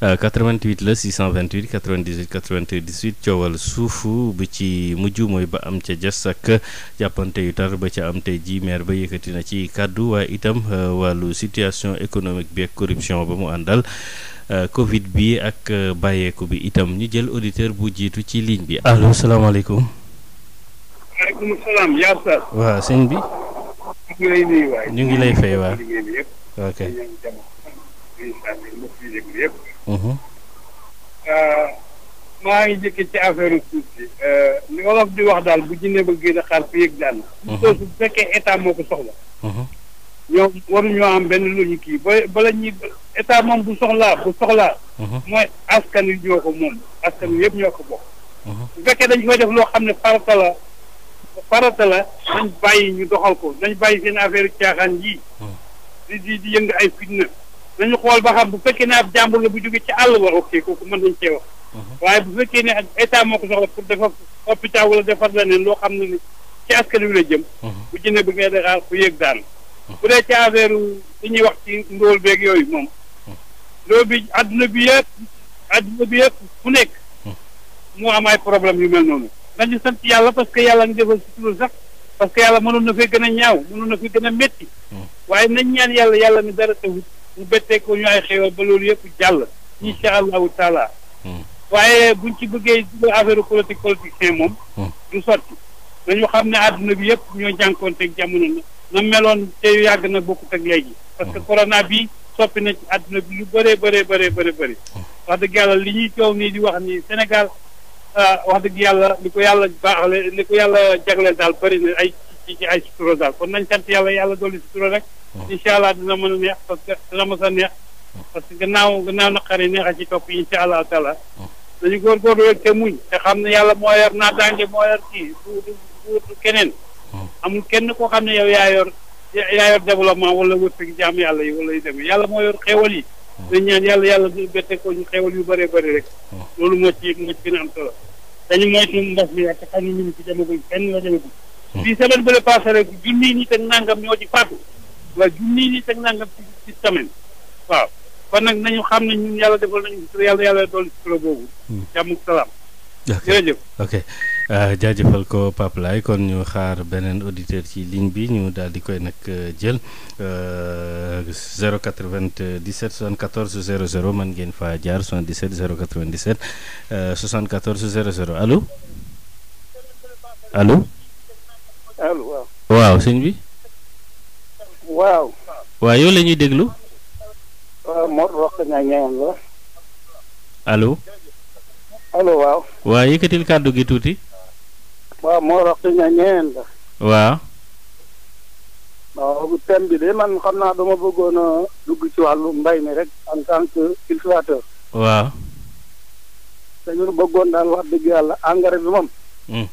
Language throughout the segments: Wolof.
88 euh, la 628 98 98 coowal suufu bi ci mujj mooy ba am ca jas ak jàppante yu tar ba ca am tey ji maire ba yëkkati na ci kàddu waaye itam euh, wàllu situation économique bi ak corruption ba mu àndal euh, Covid bi ak bàyyeeku bi itam ñu jël auditeur bu jiitu ci ligne bi. allo salaamaaleykum. maaleykum salaam yaa bi. ñu ngi lay fay waa. ok. Mm-hmm. Uh, maa ngi jëkkee ci affaire suuf si uh, li wolof di wax daal bu jinne bëggee da xaar yëg daan suuf bu fekkee état mm-hmm. ba bala ñuy état moom bu soxlaa bu soxlaa mm-hmm. mooy askan wi ñoo ko moom askan wi yëpp ñoo ko bokk bu fekkee dañ koy def loo xam ne farata la farata la dañ bàyyi ñu doxal ko dañ bàyyi seen affaire caaxaan yii di di di yëngu ay fitna nañu xool ba xam bu fekkee ne ab jàmbur la bu jógee ci àll ba ok kooku mën nañ cee wax uh-huh. waaye bu fekkee ne ak état moo ko soxla pour defar hôpital wala defar leneen loo xam na ni ci askan wi la jëm uh-huh. bu jëne bi ngay dexaar ku yéeg daal uh-huh. bu dee ci affaire li ñuy wax ci ndóol beeg yooyu moom loolu bi adduna bi yëpp fu nekk mu am ay problème yu mel noonu nañu sant yàlla parce que yàlla ngi defal si turu sax parce yàlla mënoon na fay gën a ñaaw mënoon na gën a métti waaye nañ ñaan yàlla yàlla mi dara tawut mu bettee ko ñu ay xéwal ba loolu yëpp jàll. incha allahu taala. Hmm. waaye buñ ci bëggee affaire politique politicien moom. Hmm. du sotti dañu xam ne àdduna bi yëpp ñoo jànkoonteeg jamono na na meloon te yàgg na bokkut ak léegi. parce que hmm. corona bi soppi na ci àdduna bi lu bëree bëree bëree bëri bëri. wax dëgg yàlla li ñuy coow nii di wax ni Sénégal ah, wax dëgg yàlla li ko yàlla baaxale li ko yàlla jagleel daal bëri na ay ci ci ay sutura daal kon nañ sant yàlla yàlla dolli sutura rek oh. incha allah dina mën a ga naaw na dina mës a oh. yi neex a ci topp incha allah taala oh. dañu góorgóorlu rek te muñ xam ne yàlla moo yor naataange moo yor kii du du keneen amul kenn koo xam ne yow yaa yor yaa yor développement wala wërsëg jaam yàlla yi wala yàlla moo yor xéewal yi dañ ñaan yàlla yàlla du bette ko ñu xéewal yu bëree bëri rek loolu moo ci moo ci gën a am solo dañu moytu mbas xam ne ñu ngi ci demaguñ kenn la demaguñ Mm. fii semaine bële passé rek junniy nit ak nangam ñoo ci faatu waaw junniy nit ak nangam ci semaine waaw kon nag nañu xam ne ñun yàlla defal nañu yàlla yàlla dool ci boobu. Mm. jàmm salaam. jërëjëf ok euh, jaajëfal ko Pape Laye kon ñu xaar beneen auditeur ci ligne bi ñu daal di koy nag euh, jël 097 74 00 mën ngeen faa jaar 77 097 74 00 allo allo. allo waaw. waaw sëñ bi. waaw. waaw yow la déglu. waaw Mor wax na ñaan la. allo. allo waaw. waaw yëkkatil kàddu gi tuuti. waaw Mor wax na ñaan la. waaw. waaw bi de man xam naa dama bëggoon a dugg ci wàllu mbay mi rek en tant que waaw. dañu bëggoon daal wax dëgg yàlla engrais bi moom. Hmm.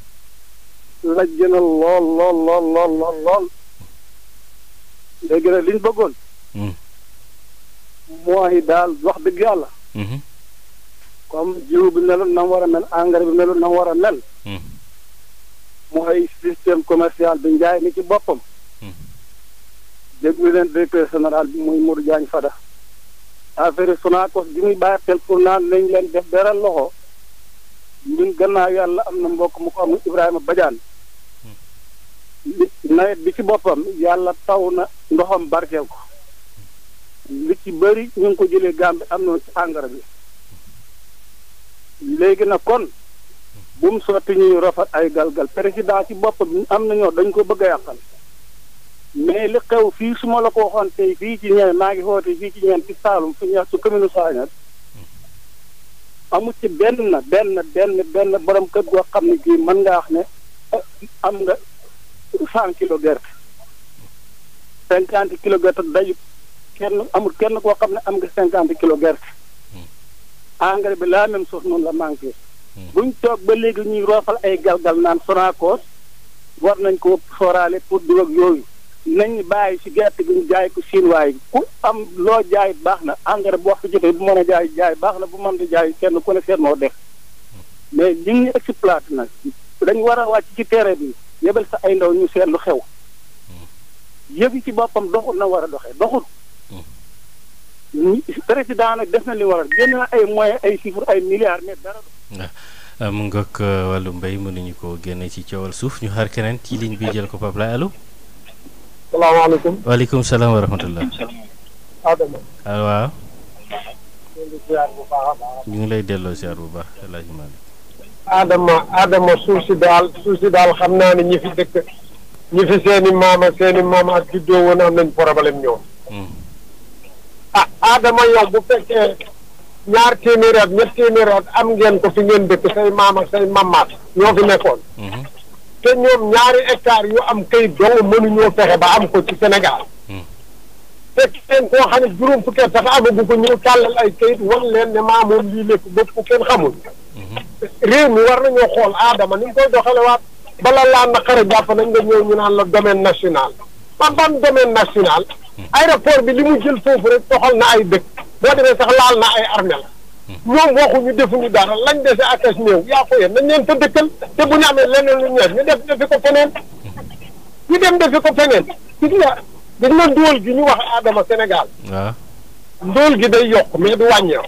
lajj na lool lool lool lool lool lool léegi nag li ñu bëggoon hmm. mooy daal wax dëgg yàlla hmm. comme jiw bi melut na war a mel engrais bi melut na war a mel hmm. mooy système commercial bi njaay mi ci boppam déglu leen directeur général bi muy Modou Diagne Fada affaire Sonacos bi muy bàyyi xel pour naan nañ leen def beral loxo ñun gannaaw yàlla am na mbokk mu ko amul Ibrahima Badiane nawet bi ci boppam yàlla taw na ndoxam barkeel ko li ci bari ñu ngi ko jëlee Gàmbi am noonu ci engrais bi léegi nag kon bu mu sotti ñuy rafet ay galgal président ci boppam am na ñoo dañ ko bëgg a yàqal mais li xew fii su ma la ko waxoon tey fii ci ñeen maa ngi xoote fii ci ñeen ci Saalum fu ñeex su commune Saañar amu ci benn benn benn benn borom kër goo xam ne gii mën nga wax ne ah, am nga cent kilo gerte cinquante kilo gerte dayut kenn amul kenn koo xam ne am nga cinquante kilo gerte hmm. engrais bi laa même chose noonu la manqué hmm. buñ toog ba léegi ñuy roofal ay galgal naan Sonacos war nañ ko soraale pour dugal yooyu nañ bàyyi si gerte gi ñu jaay ko chinois yi ku am loo jaay baax na engrais boo waxtu jotee bu mën a jaay jaay baax na bu mën di jaay kenn ku ne seet moo def hmm. mais li ñu exploité nag dañ war a wàcc ci tere bi yebal sa ay ndaw ñu seetlu xew hmm. yëf yi ci boppam doxul na war a doxee doxul hmm. président def na li war a génn na ay moyens ay chiffres ay milliards mais dara ah, ah, mu ngoog euh, wàllu mbéy mënuñu ko génne ci coowal suuf ñu xaar keneen ci ligne bi jël ko Pape Laye allo. salaamaaleykum waaleykum salaam wa rahmatullah. waaw. ñu ngi lay delloo ziar bu baax El Hadj Malick Adama Adama suuf si daal suuf si daal xam naa ne ñi fi dëkk ñi fi seen i maama seen i maama ak juddoo woon am nañ problème ñoom. Hmm. ah Adama yow bu fekkee ñaar téeméeri at ñett téeméeri am ngeen ko fi ngeen dëkk say maama say mamaat ñoo fi nekkoon. Hmm. te ñoom ñaari hectare yu am kayit dong mënuñoo fexe ba am ko ci Sénégal. fekk hmm. kenn koo xam ne juróom fukki at sax amagu ko ñu tàllal ay kayit wan leen ne maamoom lii lépp bopp kenn xamul. réew mi war nañoo xool aadama ni ñu koy doxalewaat bala laa naqare jàpp nañ nga ñëw ñu naan la domaine national man ban domaine national hmm. aéroport bi li mu jël foofu rek doxal na ay dëkk boo demee sax laal na ay armée la hmm. ñoom waxuñu defuñu dara lañ dese akas néew yaa ko yéen nañ leen fa dëkkal te bu ñu amee leneen lu ñeer ñu def defi ko feneen hmm. ñu dem defi ko feneen gis nga gis nga ndóol gi ñu wax aadama senegal ndóol gi day yokk mais du wàññeeku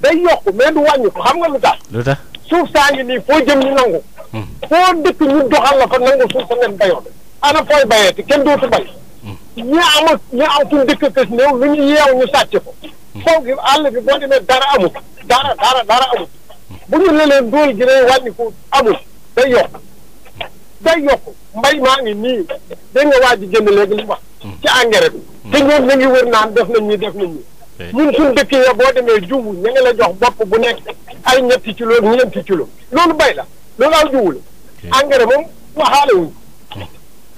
day yokk mais du wàññi ko xam nga lu tax. lu tax suuf saa ngi nii foo jëm ñu nangu. Hmm. foo dëkk ñu doxal la fa nangu suuf sa ngeen bayoon. ana fooy bayee kenn dootu bay. Hmm. ñi am ñi am fu dëkk kës néew lu ñu yeew ñu sàcc ko. Hmm. foo gi àll bi boo demee dara amul. dara dara dara amul. bu ñu lelee ndóol gi day wàññi ko amul day yokk day mbay maa ngi nii dégg nga waa ji génn léegi li mu wax. ci engrais bi. te ñoom ñu ngi wër naan def nañ nii def nañ ñi. Eh. ñun suñ dëkk ya boo demee jiwu ña nga la jox bopp bu nekk ay ñetti kilo ñeenti kilo loolu bay la loolu aw jiwu la eh. engrais moom waxaale wuñ hmm.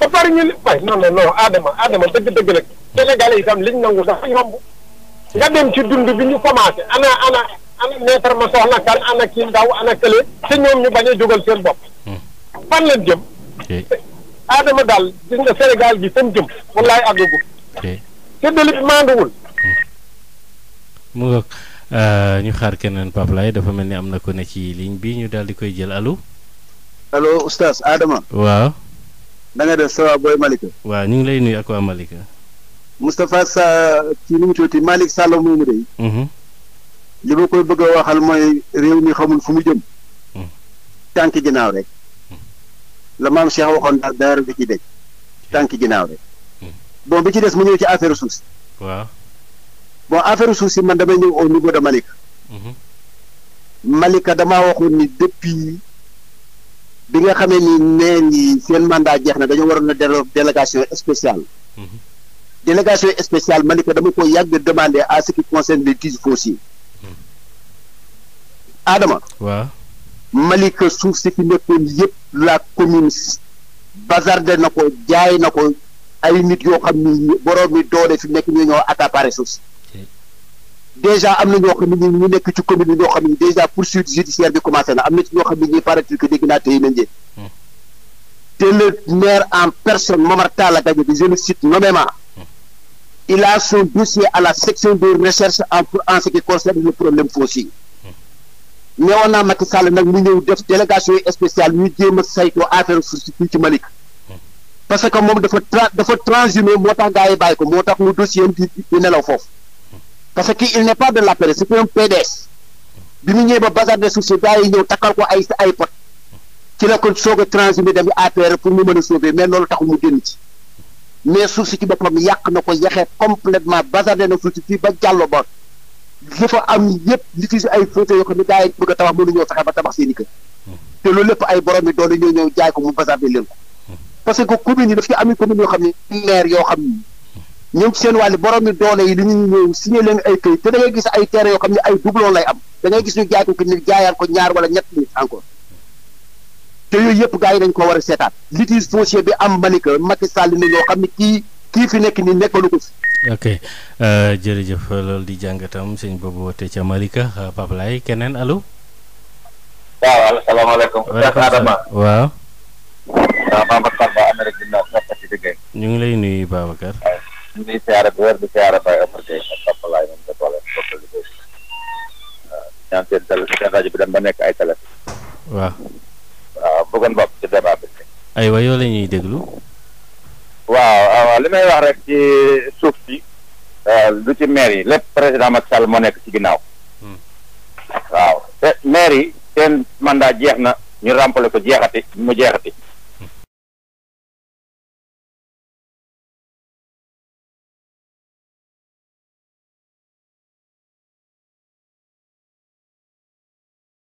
ba pare ñu li bay non non non Adama Adama dëgg dëgg nag Sénégalais itam liñ nangu dafa yomb nga eh. dem ñu commencé ana ana ma soxna kan ana kii ndaw ana kële bañ a jógal seen bopp hmm. fan leen jëm Adama daal gis nga Sénégal gi jëm wallaay àggagul te deli bi maanduwul mu ngoog euh, ñu xaar keneen Pape dafa mel ni am na ko ne ci ligne bi ñu daal di koy jël allo. allo oustaz Adama. waaw. da nga def sa waa booy Malika. waaw ñu ngi lay nuy ak waa Malika. sa ci nu mu tuuti Malick Sall de. Mhm. li ma koy bëgg waxal mooy réew mi xamul fu mu jëm. Mhm. tànk ginnaaw rek. Mhm. la maam Cheikh waxoon daal dara du ci dëj tànk ginnaaw rek. bon ci des mu ñëw ci affaire suuf si. bon affaire suuf si man damay ñëw au niveau de Malika. Mhm. Malika damaa waxoon ni depuis bi nga xamee ni nee ni seen mandat jeex na dañoo waroon a délégation spéciale. Mhm. délégation spéciale Malika dama ko yàgg demander à ce qui concerne les titres fonciers. Mhm. Adama. waaw Malika suuf si fi nekkoon yëpp la commune bazardé na ko jaay na ko ay nit yoo xam ni borom mi doole fi nekk ñu ñoo accaparé suuf si. déjà am na ñoo xam ne ñu nekk ci commune ñoo xam ne déjà poursuite judiciaire bi commencé na am na ñoo xam ne ñuy paraît-il dégg naa tey nañ leen hmm. te le maire en personne Momar Talla Gadio bi je le cite il a son à la section de recherche en en ce qui concerne le problème foncier newoon hmm. naa Macky Sall nag mu ñëw def délégation spéciale ñu jéem a saytoo affaire foncier ci Malick hmm. parce que moom dafa dafa transhumé moo tax gars yi bàyyi ko moo tax mu dossier am foofu parce que il n'est pas de l'APR c'est un PDS bi mu ñëwee ba bazarde suuf si gars ñëw takkal ko ay ay pot ci la ko soog a transmettre dem APR pour mu mën a sauver loolu taxul mu génn ci mais suuf ci boppam yàq na ko yaxee complètement bazarde na suuf si fii ba jàllo ba dafa am yëpp li fi si ay fauteuil yoo xam ne gars bëgg a tabax mënuñoo fexe ba tabax seen i kër te loolu lépp ay borom yi doole ñoo ñëw jaay ko mu bazarde leen ko parce que yoo xam ñoom ci seen wàll borom mi doole yi li ñuy ñëw signé leen ay këyit te da gis ay terrain yoo xam ne ay doublon lay am da ngay gis ñu jaay ko ki nit jaayaat ko ñaar wala ñett nit encore te yooyu yëpp gars yi dañ ko war a seetaat litige foncier bi am Malika Macky Sall ni xam ne kii kii fi nekk nii nekkalu ko fi. ok euh, jërëjëf loolu di jàngatam sëñ boobu woote ca Malika euh, Pape keneen alo waaw asalaamaaleykum. waaleykum salaam ñu ngi lay nuyu Babacar. ñu ngi siyaare bu wér di siyaare Baye Omar Gueye moom Papa Laay moom nga boole bokk liggéey waaw ñaan rajo bi dem ba nekk ay télé waaw waaw bëggoon bopp ci débat bi aywa yoo la ñuy déglu waaw li may wax rek ci suuf si euh, lu ci meer yi lépp président Macky Sall moo nekk ci ginnaaw hmm. waaw te maire yi seen mandat jeex na ñu ràmpale ko jeexati mu jeexati